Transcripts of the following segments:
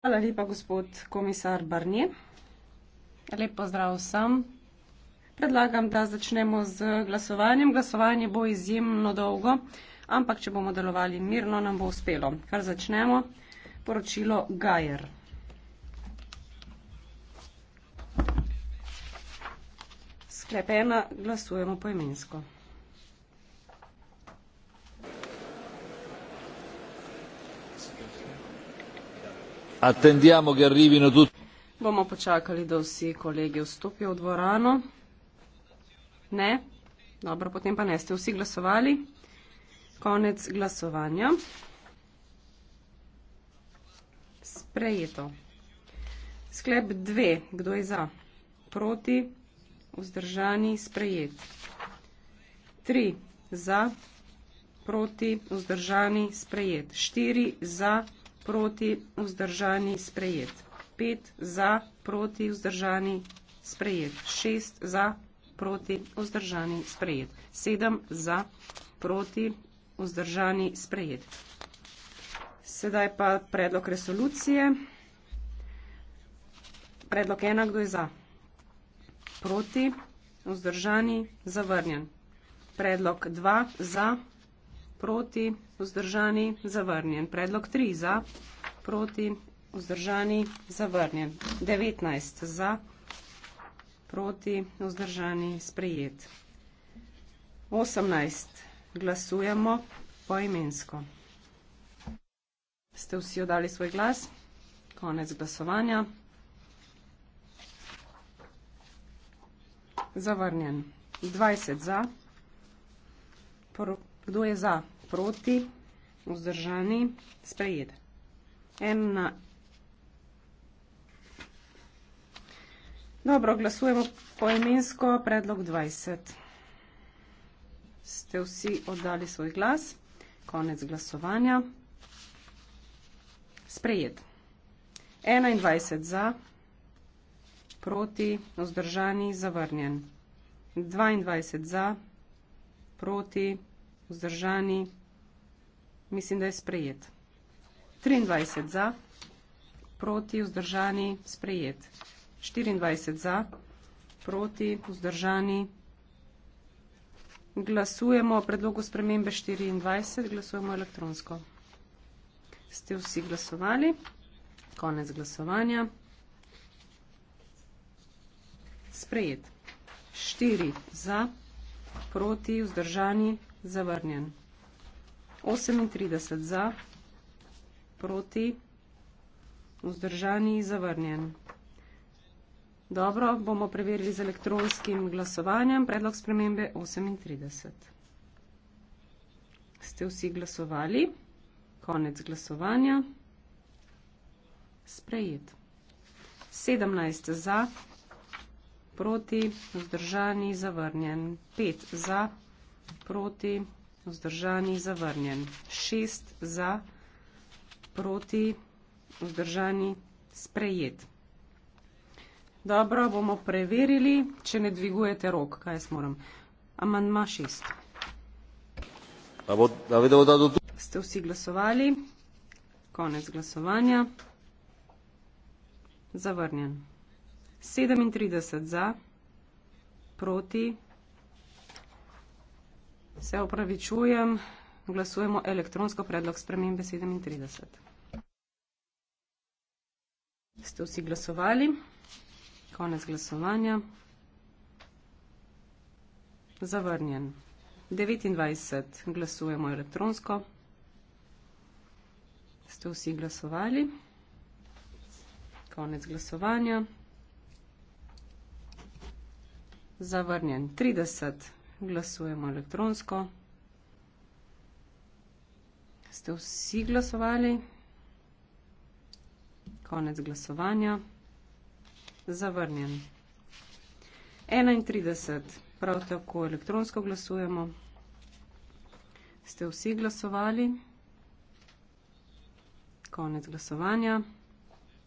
Hvala lepa, gospod komisar Barnje. Lep pozdrav vsem. Predlagam, da začnemo z glasovanjem. Glasovanje bo izjemno dolgo, ampak če bomo delovali mirno, nam bo uspelo. Kar začnemo, poročilo Gajer. Sklep ena, glasujemo poimensko. imensko. Attendiamo che arrivino tutti. Bomo počakali, da vsi kolegi vstopijo v dvorano. Ne? Dobro, potem pa ne ste vsi glasovali. Konec glasovanja. Sprejeto. Sklep dve. Kdo je za? Proti. Vzdržani. Sprejet. Tri. Za. Proti. Vzdržani. Sprejet. Štiri. Za proti vzdržani sprejet. 5 za proti vzdržani sprejet. 6 za proti vzdržani sprejet. 7 za proti vzdržani sprejet. Sedaj pa predlog resolucije. Predlog ena, kdo je za? Proti, vzdržani, zavrnjen. Predlog dva, za, proti, vzdržani, zavrnjen. Predlog 3 za, proti, vzdržani, zavrnjen. 19 za, proti, vzdržani, sprejet. 18. Glasujemo poimensko. Ste vsi odali svoj glas? Konec glasovanja. Zavrnjen. 20 za. Kdo je za, proti, vzdržani, sprejet? Ena. Dobro, glasujemo poimensko, predlog 20. Ste vsi oddali svoj glas, konec glasovanja. Sprejet. 21 za, proti, vzdržani, zavrnjen. 22 za, proti, vzdržani vzdržani. Mislim, da je sprejet. 23 za, proti, vzdržani, sprejet. 24 za, proti, vzdržani. Glasujemo o predlogu spremembe 24, glasujemo elektronsko. Ste vsi glasovali? Konec glasovanja. Sprejet. 4 za, proti, vzdržani, zavrnjen. 38 za, proti, vzdržani, zavrnjen. Dobro, bomo preverili z elektronskim glasovanjem. Predlog spremembe 38. Ste vsi glasovali? Konec glasovanja. Sprejet. 17 za, proti proti, vzdržani, zavrnjen. 5 za, proti, vzdržani, zavrnjen. 6 za, proti, vzdržani, sprejet. Dobro, bomo preverili, če ne dvigujete rok, kaj jaz moram. Amandma 6. Ste vsi glasovali? Konec glasovanja. Zavrnjen. 37 za, proti, se upravičujem, glasujemo elektronsko predlog spremembe 37. Ste vsi glasovali? Konec glasovanja. Zavrnjen. 29 glasujemo elektronsko. Ste vsi glasovali? Konec glasovanja zavrnjen 30. Glasujemo elektronsko. Ste vsi glasovali? Konec glasovanja. Zavrnjen. 31. Prav tako elektronsko glasujemo. Ste vsi glasovali? Konec glasovanja.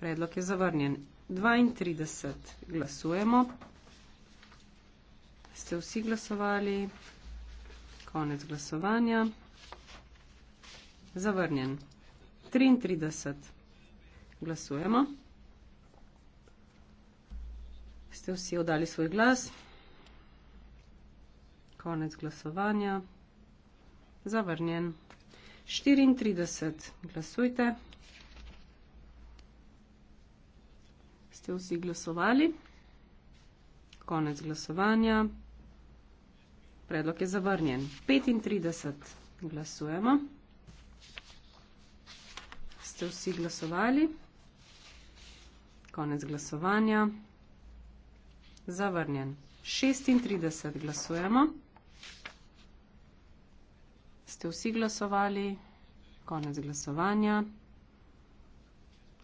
Predlog je zavrnjen. 32. Glasujemo ste vsi glasovali. Konec glasovanja. Zavrnjen. 33. Glasujemo. Ste vsi oddali svoj glas. Konec glasovanja. Zavrnjen. 34. Glasujte. Ste vsi glasovali. Konec glasovanja. Predlog je zavrnjen. 35. Glasujemo. Ste vsi glasovali? Konec glasovanja. Zavrnjen. 36. Glasujemo. Ste vsi glasovali? Konec glasovanja.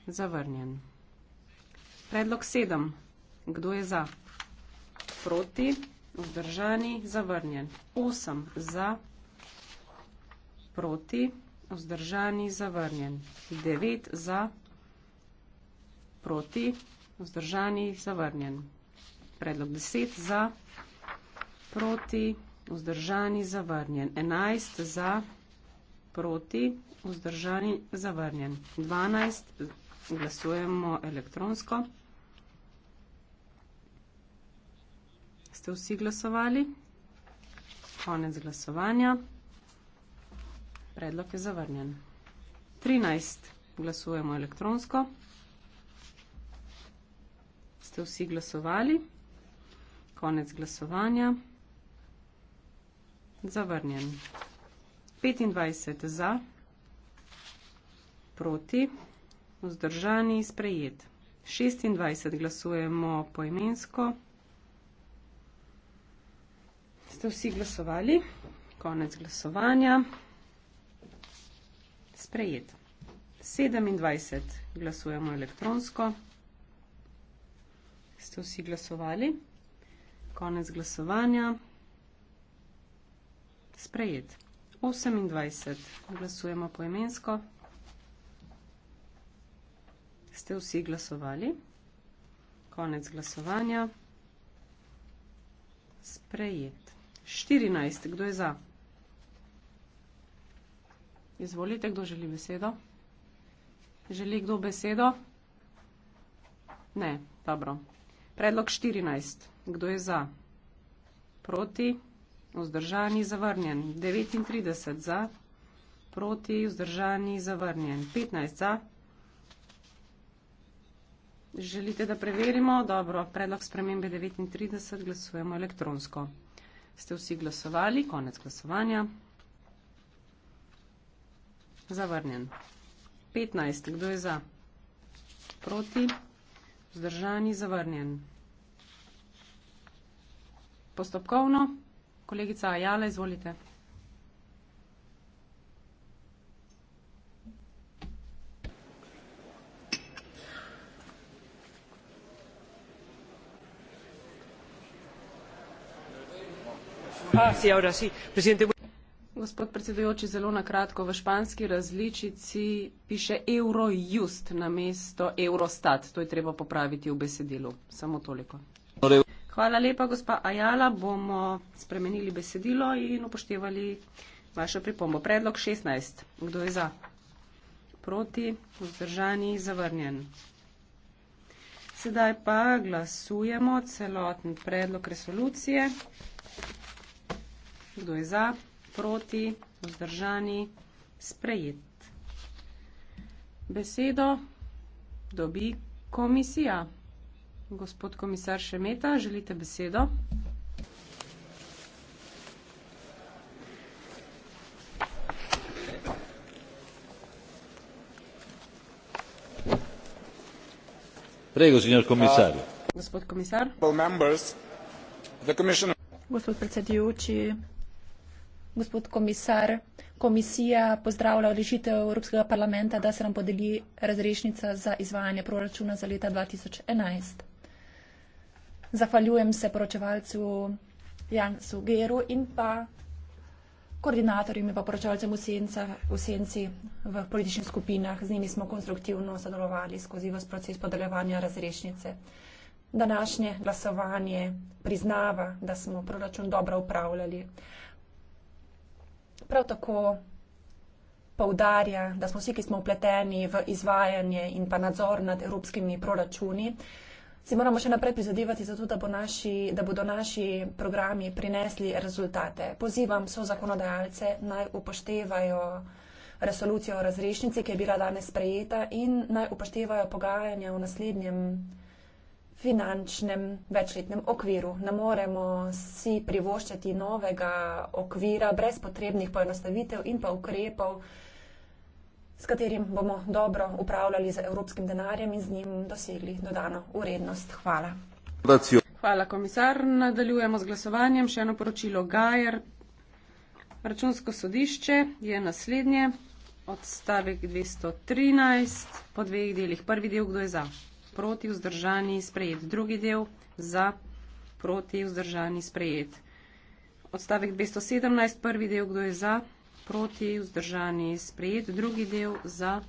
Zavrnjen. Predlog 7. Kdo je za? Proti? vzdržani, zavrnjen. 8 za, proti, vzdržani, zavrnjen. 9 za, proti, vzdržani, zavrnjen. Predlog 10 za, proti, vzdržani, zavrnjen. 11 za, proti, vzdržani, zavrnjen. 12 glasujemo elektronsko. 12. ste vsi glasovali. Konec glasovanja. Predlog je zavrnjen. 13. Glasujemo elektronsko. Ste vsi glasovali. Konec glasovanja. Zavrnjen. 25 za, proti, vzdržani, sprejet. 26 glasujemo poimensko. Ste vsi glasovali? Konec glasovanja. Sprejet. 27 glasujemo elektronsko. Ste vsi glasovali? Konec glasovanja. Sprejet. 28 glasujemo poemensko. Ste vsi glasovali? Konec glasovanja. Sprejet. 14. Kdo je za? Izvolite, kdo želi besedo? Želi kdo besedo? Ne, dobro. Predlog 14. Kdo je za? Proti, vzdržani, zavrnjen. 39 za, proti, vzdržani, zavrnjen. 15 za. Želite, da preverimo? Dobro, predlog spremembe 39 glasujemo elektronsko. Ste vsi glasovali? Konec glasovanja. Zavrnjen. 15. Kdo je za? Proti. Zdržani. Zavrnjen. Postopkovno. Kolegica Ajala, izvolite. gospod predsedujoči, zelo na kratko. V španski različici piše Eurojust namesto Eurostat. To je treba popraviti v besedilu. Samo toliko. Hvala lepa, gospa Ajala. Bomo spremenili besedilo in upoštevali vašo pripombo. Predlog 16. Kdo je za? Proti, vzdržani, zavrnjen. Sedaj pa glasujemo celoten predlog resolucije. Kdo je za, proti, vzdržani, sprejet. Besedo dobi komisija. Gospod komisar Šemeta, želite besedo? Prej, gospod komisar. Gospod komisar. Gospod predsedujoči, Gospod komisar, komisija pozdravlja rešitev Evropskega parlamenta, da se nam podeli razrešnica za izvajanje proračuna za leta 2011. Zahvaljujem se poročevalcu Jansu Geru in pa koordinatorjem in pa poročevalcem v, senca, v senci v političnih skupinah. Z njimi smo konstruktivno sodelovali skozi vas proces podeljevanja razrešnice. Današnje glasovanje priznava, da smo proračun dobro upravljali prav tako poudarja, da smo vsi, ki smo upleteni v izvajanje in pa nadzor nad evropskimi proračuni, si moramo še naprej prizadevati za to, da, bo naši, da bodo naši programi prinesli rezultate. Pozivam so zakonodajalce naj upoštevajo resolucijo o razrešnici, ki je bila danes sprejeta in naj upoštevajo pogajanja v naslednjem finančnem večletnem okviru. Ne moremo si privoščiti novega okvira brez potrebnih poenostavitev in pa ukrepov, s katerim bomo dobro upravljali z evropskim denarjem in z njim dosegli dodano urednost. Hvala. Hvala, komisar. Nadaljujemo z glasovanjem. Še eno poročilo Gajer. Računsko sodišče je naslednje. Odstavek 213 po dveh delih. Prvi del, kdo je za? proti vzdržani sprejet. Drugi del za proti vzdržani sprejet. Odstavek 217, prvi del, kdo je za proti vzdržani sprejet. Drugi del za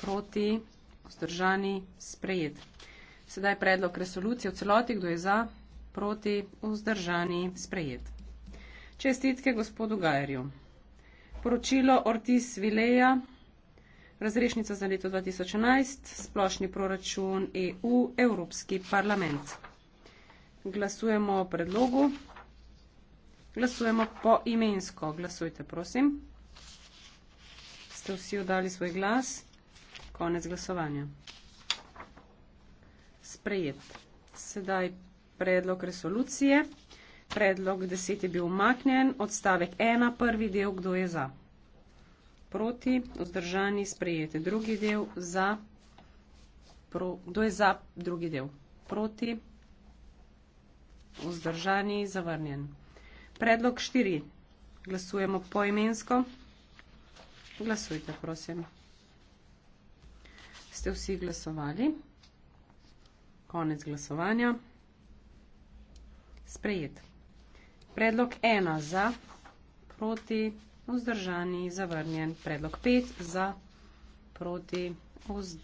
proti vzdržani sprejet. Sedaj predlog resolucije v celoti, kdo je za proti vzdržani sprejet. Čestitke gospodu Gajerju. Poročilo Ortiz Vileja razrešnica za leto 2011, splošni proračun EU, Evropski parlament. Glasujemo o predlogu. Glasujemo po imensko. Glasujte, prosim. Ste vsi oddali svoj glas? Konec glasovanja. Sprejet. Sedaj predlog resolucije. Predlog 10 je bil umaknjen. Odstavek 1, prvi del, kdo je za proti, vzdržani, sprejeti drugi del, za, pro, kdo je za drugi del, proti, vzdržani, zavrnjen. Predlog štiri, glasujemo poimensko, glasujte, prosim. Ste vsi glasovali? Konec glasovanja. Sprejet. Predlog ena za, proti, vzdržani vzdržani, zavrnjen, predlog 5 za, proti, vz...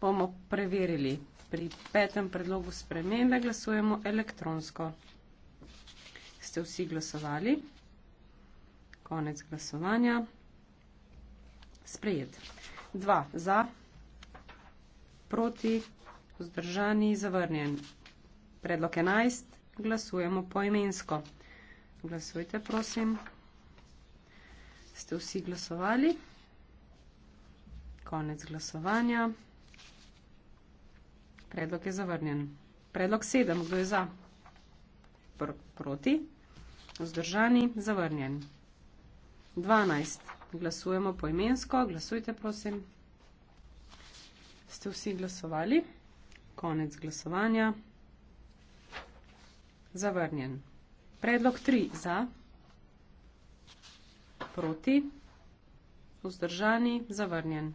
bomo preverili. Pri petem predlogu spremembe glasujemo elektronsko. Ste vsi glasovali? Konec glasovanja. Sprejet. Dva za, proti, vzdržani, zavrnjen. Predlog 11. Glasujemo poimensko. Glasujte, prosim. Ste vsi glasovali? Konec glasovanja. Predlog je zavrnjen. Predlog sedem. Kdo je za? Pr proti? Vzdržani? Zavrnjen. Dvanajst. Glasujemo poimensko. Glasujte, prosim. Ste vsi glasovali? Konec glasovanja. Zavrnjen. Predlog 3 za, proti, vzdržani, zavrnjen.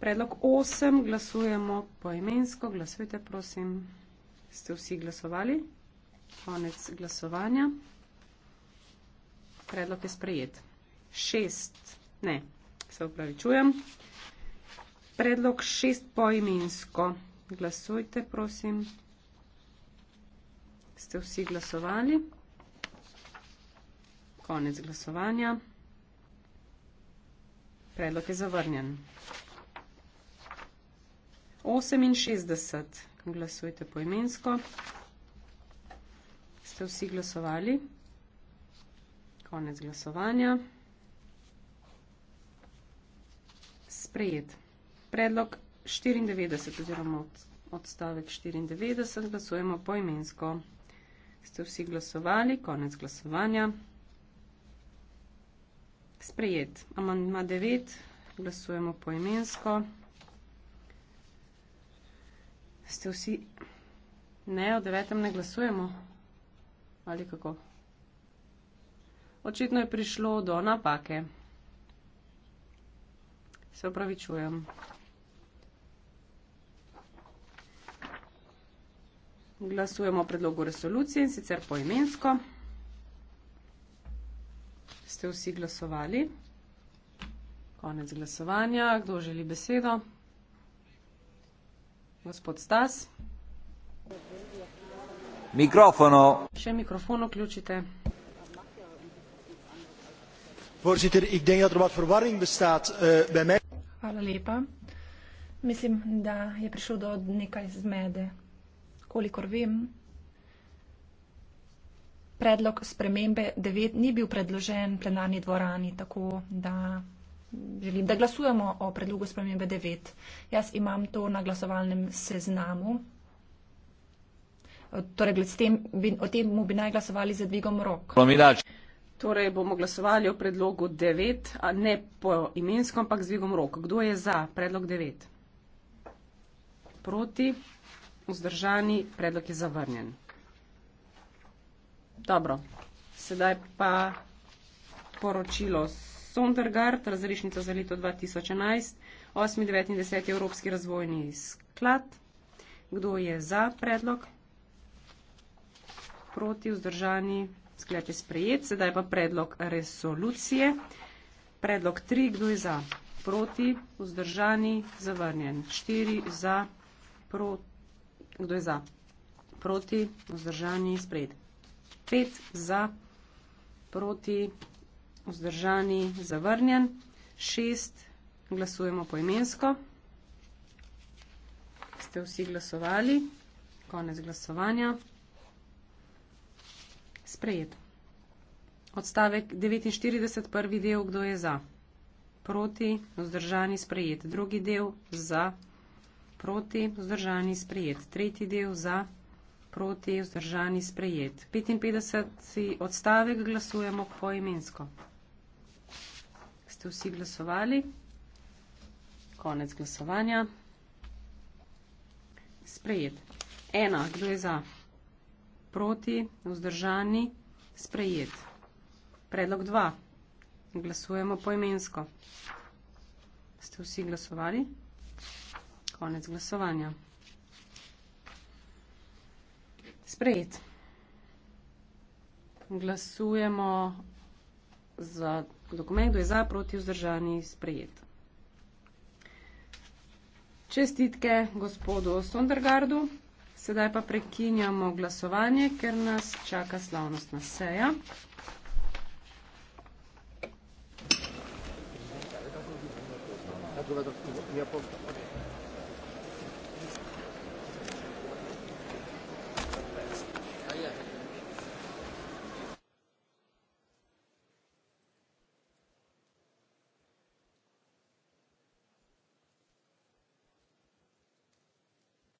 Predlog 8 glasujemo poimensko, glasujte prosim, ste vsi glasovali, konec glasovanja. Predlog je sprejet. 6, ne, se upravičujem. Predlog 6 poimensko, glasujte prosim ste vsi glasovali. Konec glasovanja. Predlog je zavrnjen. 68. Glasujte poimensko. Ste vsi glasovali. Konec glasovanja. Sprejet. Predlog 94 oziroma odstavek 94. Glasujemo poimensko. Ste vsi glasovali, konec glasovanja. Sprejet. Amandma 9. Glasujemo poimensko. Ste vsi. Ne, o devetem ne glasujemo. Ali kako? Očitno je prišlo do napake. Se opravičujem. glasujemo o predlogu resolucije in sicer poimensko. Ste vsi glasovali? Konec glasovanja. Kdo želi besedo? Gospod Stas. Mikrofono. Še mikrofon vključite. Voorzitter, ik denk dat er wat verwarring bestaat uh, bij mij. Hallo, Lepa. Misschien dat je prišel door nekaj zmede kolikor vem, predlog spremembe 9 ni bil predložen plenarni dvorani, tako da želim, da glasujemo o predlogu spremembe 9. Jaz imam to na glasovalnem seznamu. Torej, s tem bi, o tem mu bi naj glasovali za dvigom rok. Torej, bomo glasovali o predlogu 9, a ne po imensko, ampak z dvigom rok. Kdo je za predlog 9? Proti vzdržani, predlog je zavrnjen. Dobro, sedaj pa poročilo Sondergaard, razrešnica za leto 2011, 8, 9 in 10 Evropski razvojni sklad. Kdo je za predlog? Proti vzdržani, sklep je sprejet. Sedaj pa predlog resolucije. Predlog 3, kdo je za? Proti vzdržani, zavrnjen. 4 za, proti. Kdo je za? Proti, vzdržani, spred. Pet za, proti, vzdržani, zavrnjen. Šest, glasujemo poimensko. Ste vsi glasovali? Konec glasovanja. Sprejet. Odstavek 49, prvi del, kdo je za? Proti, vzdržani, sprejet. Drugi del, za, proti proti, vzdržani, sprejet. Tretji del za, proti, vzdržani, sprejet. 55. odstavek glasujemo poimensko. Ste vsi glasovali? Konec glasovanja. Sprejet. Ena, kdo je za? Proti, vzdržani, sprejet. Predlog dva. Glasujemo poimensko. Ste vsi glasovali? konec glasovanja. Sprejet. Glasujemo za dokument, kdo je za, proti vzdržani, sprejet. Čestitke gospodu Sondergardu. Sedaj pa prekinjamo glasovanje, ker nas čaka slavnostna seja. Gracias. Ja,